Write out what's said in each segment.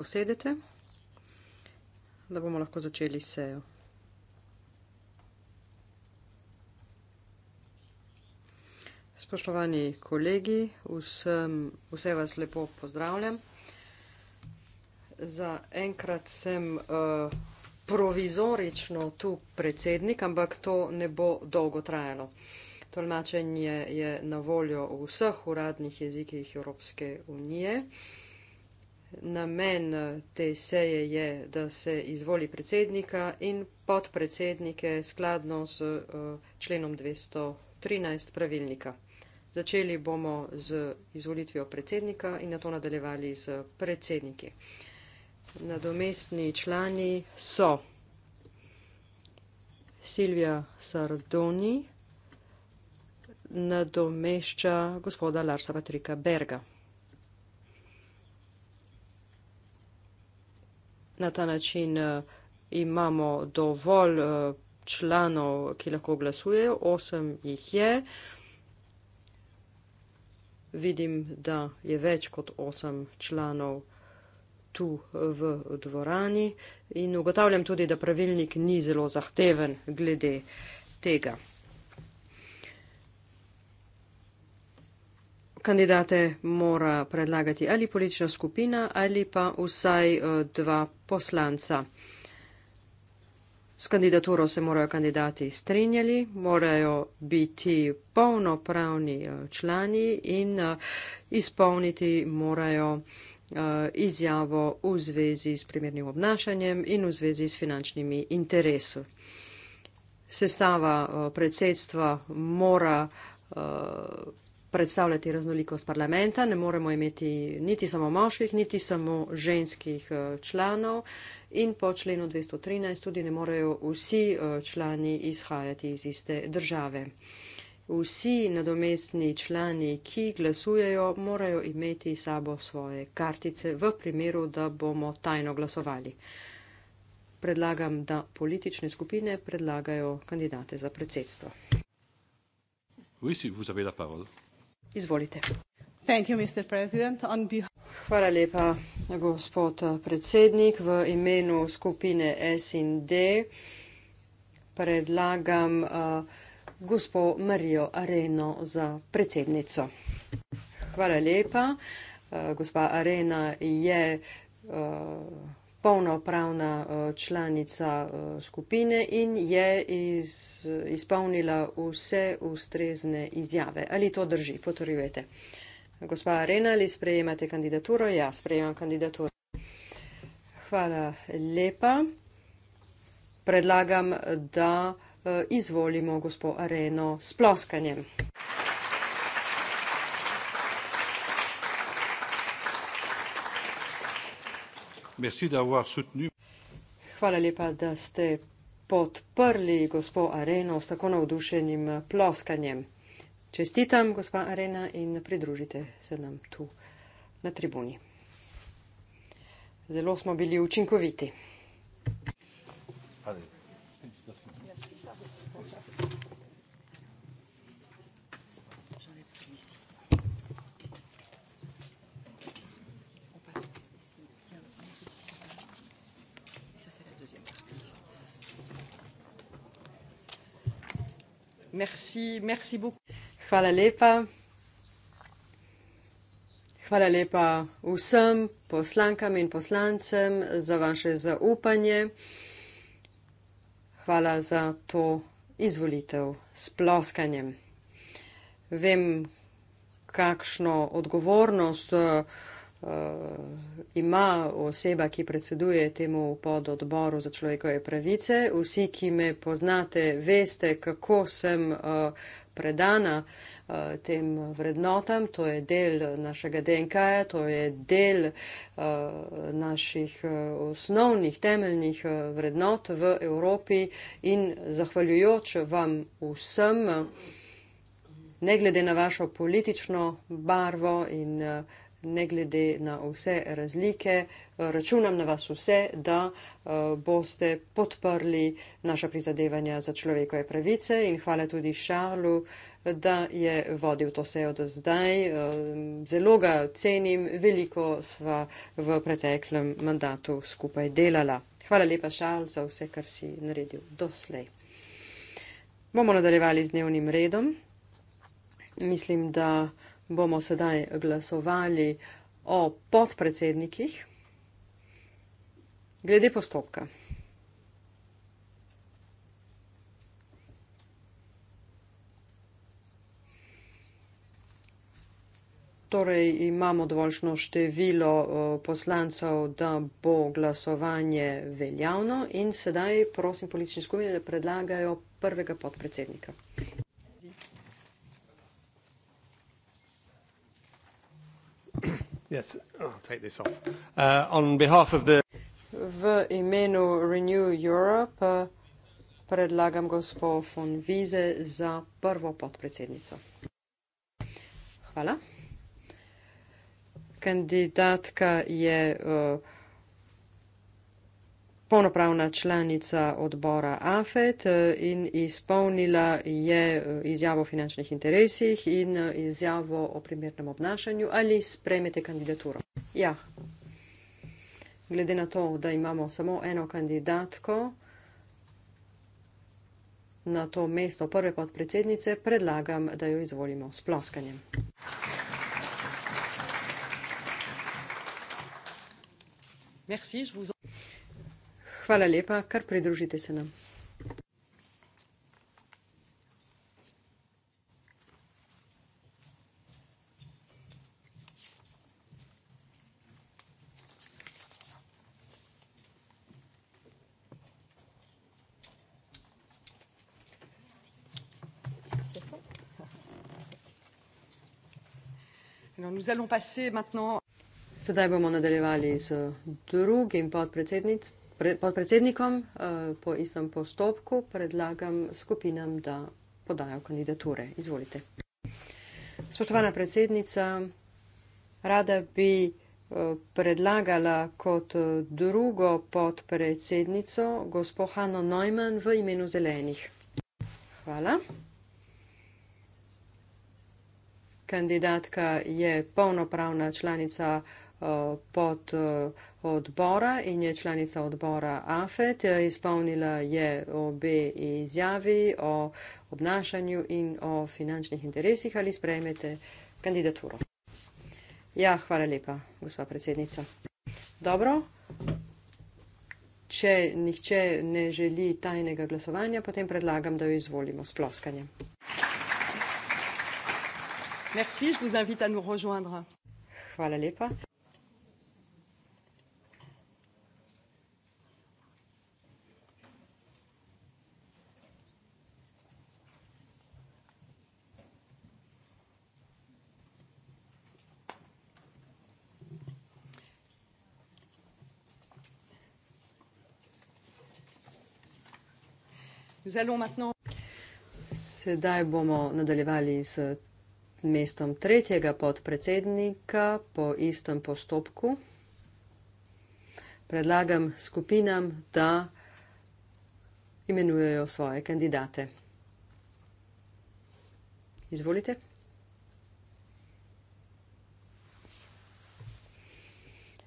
posedete, da bomo lahko začeli sejo. Spoštovani kolegi, vsem, vse vas lepo pozdravljam. Za enkrat sem uh, provizorično tu predsednik, ampak to ne bo dolgo trajalo. Tolmačenje je na voljo v vseh uradnih jezikih Evropske unije. Uh, Namen eh, te seje je, da se izvoli predsednika in podpredsednike skladno s eh, členom 213 pravilnika. Začeli bomo z izvolitvijo predsednika in na to nadaljevali z predsedniki. Nadomestni člani so Silvija Sardoni, nadomešča gospoda Larsa Patrika Berga. na ta način eh, imamo dovolj eh, članov, ki lahko glasujejo, osem jih je. Vidim, da je več kot osem članov tu eh, v dvorani in ugotavljam tudi, da pravilnik ni zelo zahteven glede tega. kandidate mora predlagati ali politična skupina ali pa vsaj eh, dva poslanca. S kandidaturo se morajo kandidati strinjali, morajo biti polnopravni eh, člani in eh, izpolniti morajo izjavo v zvezi s primernim obnašanjem in v zvezi s finančnimi interesi. Sestava predsedstva mora predstavljati raznolikost parlamenta, ne moremo imeti niti samo moških, niti samo ženskih eh, članov in po členu 213 tudi ne morejo vsi eh, člani izhajati iz iste države. Vsi nadomestni člani, ki glasujejo, morajo imeti sabo svoje kartice v primeru, da bomo tajno glasovali. Predlagam, da politične skupine predlagajo kandidate za predsedstvo. Oui, si vous avez la parole. Izvolite. Hvala lepa, gospod eh, predsednik. V imenu skupine SND predlagam uh, gospo Marijo Areno za predsednico. Hvala lepa. Uh, gospa Arena je. Uh, polnopravna eh, članica eh, skupine in je iz, izpolnila vse ustrezne izjave. Ali to drži? Potrjujete. Gospa Arena, ali sprejemate kandidaturo? Ja, sprejemam kandidaturo. Hvala lepa. Predlagam, da eh, izvolimo gospo Areno s ploskanjem. Merci d'avoir soutenu. Hvala lepa, da ste podprli gospod Areno s tako navdušenim ploskanjem. Čestitam, gospa Arena, in pridružite se nam tu na tribuni. Zelo smo bili učinkoviti. Hvala. Merci, merci beaucoup. Hvala lepa. Hvala lepa vsem poslankam in poslancem za vaše zaupanje. Hvala za to izvolitev s ploskanjem. Vem, kakšno odgovornost uh, uh, ima oseba, ki predseduje temu pododboru za človekove pravice. Vsi, ki me poznate, veste, kako sem uh, predana uh, tem vrednotam. To je del našega DNK-ja, to je del uh, naših uh, osnovnih, temeljnih uh, vrednot v Evropi in zahvaljujoč vam vsem. Uh, Ne glede na vašo politično barvo in uh, ne glede na vse razlike, računam na vas vse, da eh, boste podprli naša prizadevanja za človekove pravice in hvala tudi Šarlu, da je vodil to sejo do zdaj. Eh, zelo ga cenim, veliko sva v preteklem mandatu skupaj delala. Hvala lepa, Šarl, za vse, kar si naredil doslej. Bomo nadaljevali z dnevnim redom. Mislim, da uh, bomo sedaj glasovali o podpredsednikih. Glede postopka. Torej imamo dovoljšno število poslancev, da bo glasovanje veljavno in sedaj prosim politične skupine, da predlagajo prvega podpredsednika. Yes, I'll take this off. Uh, on behalf of the V imenu Renew Europe uh, predlagam gospo von Vize za prvo podpredsednico. Hvala. Kandidatka je uh, polnopravna članica odbora AFET eh, in izpolnila je eh, izjavo o finančnih interesih in eh, izjavo o primernem obnašanju ali spremete kandidaturo. Ja, glede na to, da imamo samo eno kandidatko na to mesto prve podpredsednice, predlagam, da jo izvolimo s ploskanjem. Merci, je vous en... Hvala lepa, kar pridružite se nam. Sedaj bomo nadaljevali z drugim podpredsednikom podpredsednikom eh, po istem postopku predlagam skupinam, da podajo kandidature. Izvolite. Spoštovana predsednica, rada bi eh, predlagala kot eh, drugo podpredsednico gospo Hanno Neumann v imenu zelenih. Hvala. Kandidatka je polnopravna članica Eh, pod eh, odbora in je članica odbora AFET. Izpolnila je obe izjavi o obnašanju in o finančnih interesih ali sprejmete kandidaturo. Ja, hvala lepa, gospa predsednica. Dobro. Če nihče ne želi tajnega glasovanja, potem predlagam, da jo izvolimo s ploskanjem. Merci, je vous invite à nous rejoindre. Hvala lepa. Sedaj bomo nadaljevali z mestom tretjega podpredsednika po istem postopku. Predlagam skupinam, da imenujejo svoje kandidate. Izvolite.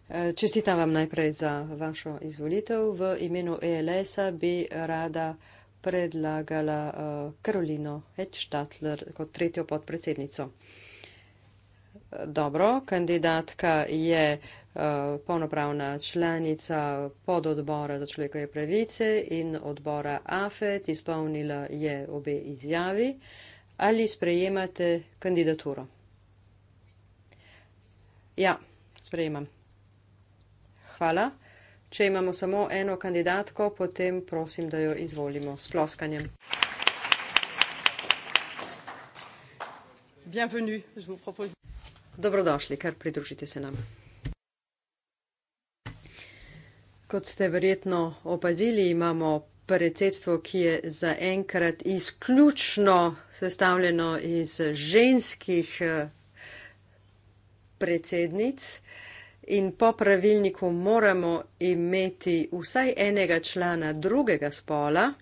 E, čestitam vam najprej za vašo izvolitev. V imenu ELS-a bi rada predlagala uh, Karolino Hedštatler kot tretjo podpredsednico. Dobro, kandidatka je uh, polnopravna članica pododbora za človekove pravice in odbora AFET, izpolnila je obe izjavi. Ali sprejemate kandidaturo? Ja, sprejemam. Hvala. Če imamo samo eno kandidatko, potem prosim, da jo izvolimo s ploskanjem. Dobrodošli, kar pridružite se nam. Kot ste verjetno opazili, imamo predsedstvo, ki je zaenkrat izključno sestavljeno iz ženskih eh, predsednic in po pravilniku moramo imeti vsaj enega člana drugega spola.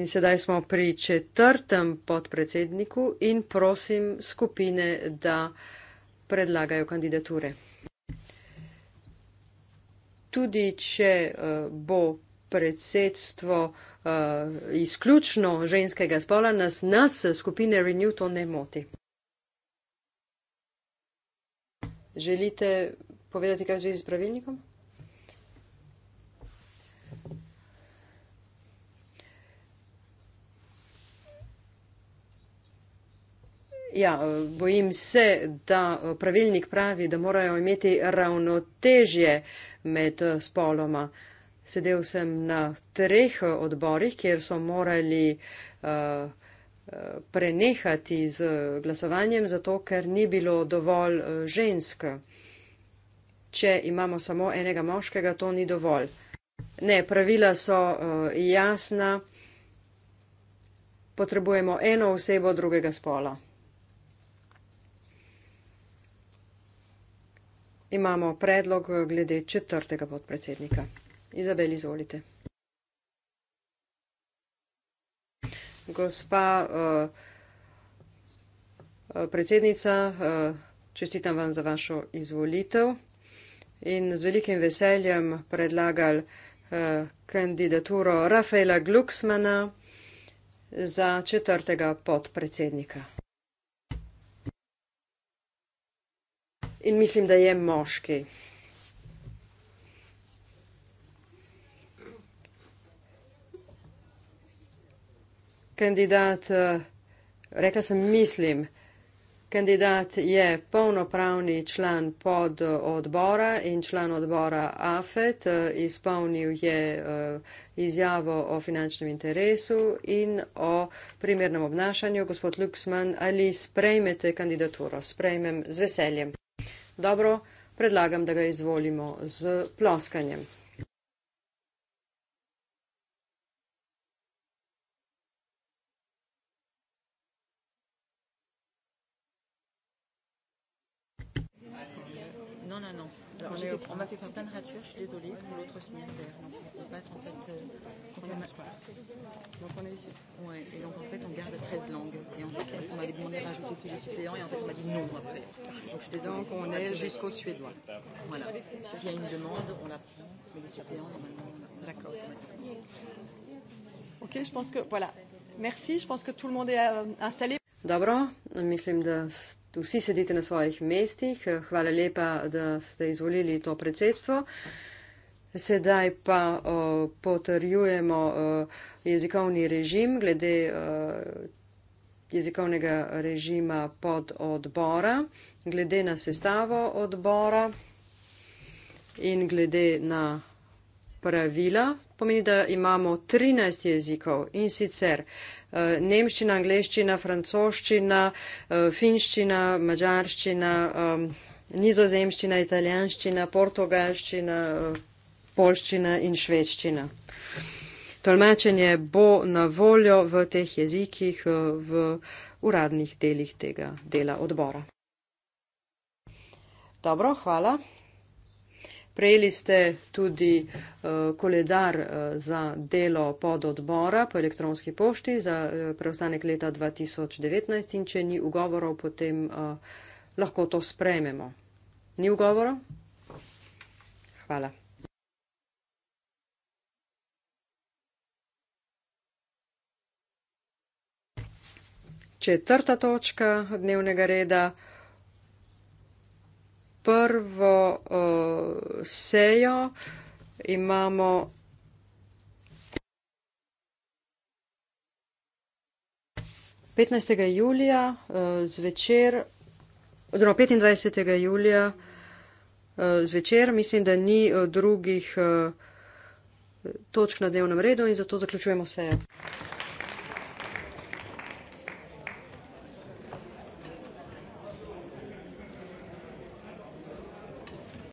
In sedaj smo pri četrtem podpredsedniku in prosim skupine, da predlagajo kandidature. Tudi če eh, bo predsedstvo eh, izključno ženskega spola, nas, nas skupine Renew to ne moti. Želite povedati kaj v zvezi s pravilnikom? Ja, bojim se, da pravilnik pravi, da morajo imeti ravnotežje med spoloma. Sedel sem na treh odborih, kjer so morali uh, prenehati z glasovanjem, zato ker ni bilo dovolj eh, žensk. Če imamo samo enega moškega, to ni dovolj. Ne, pravila so eh, jasna. Potrebujemo eno osebo drugega spola. Imamo predlog eh, glede četrtega podpredsednika. Izabel, izvolite. gospa eh, eh, predsednica, eh, čestitam vam za vašo izvolitev in z velikim veseljem predlagal kandidaturo Rafaela Glucksmana za četrtega podpredsednika. In mislim, da je moški. Kandidat, eh, rekla sem, mislim, kandidat je polnopravni član pod odbora in član odbora AFET, eh, izpolnil je eh, izjavo o finančnem interesu in o primernem obnašanju. Gospod Luksman, ali sprejmete kandidaturo? Sprejmem z veseljem. Dobro, predlagam, da ga izvolimo z ploskanjem. à Nantes. Alors, on, est, on m'a fait faire plein de ratures, je suis désolée, pour l'autre signataire. Donc, on passe en fait. Euh, on on a... Donc on est ici. Ouais, et donc en fait on garde 13 langues. Et en fait, parce qu'on avait demandé de rajouter celui suppléant et en fait on m'a dit non. Après. Donc je suis désolée, donc on est jusqu'au suédois. Voilà. S'il y a une demande, on la prend. Mais les suppléants, normalement, on a... D'accord. Ok, je pense que. Voilà. Merci, je pense que tout le monde est euh, installé. D'abord, je pense que vsi sedite na svojih mestih. Hvala lepa, da ste izvolili to predsedstvo. Sedaj pa o, potrjujemo o, jezikovni režim glede o, jezikovnega režima pod odbora, glede na sestavo odbora in glede na pravila, pomeni, da imamo 13 jezikov in sicer eh, nemščina, angliščina, francoščina, eh, finščina, mađarščina, nizozemščina, italijanščina, portugalščina, eh, polščina in švedščina. Tolmačenje bo na voljo v teh jezikih v uradnih delih tega dela odbora. Dobro, hvala. Prejeli ste tudi uh, koledar uh, za delo pod odbora po elektronski pošti za uh, preostanek leta 2019 in če ni ugovorov, potem uh, lahko to sprejmemo. Ni ugovorov? Hvala. Četrta točka dnevnega reda prvo uh, sejo imamo. petnajstega julija uh, zvečer oziroma petindvajsetega julija uh, zvečer mislim, da ni uh, drugih uh, točk na dnevnem redu in zato zaključujemo sejo.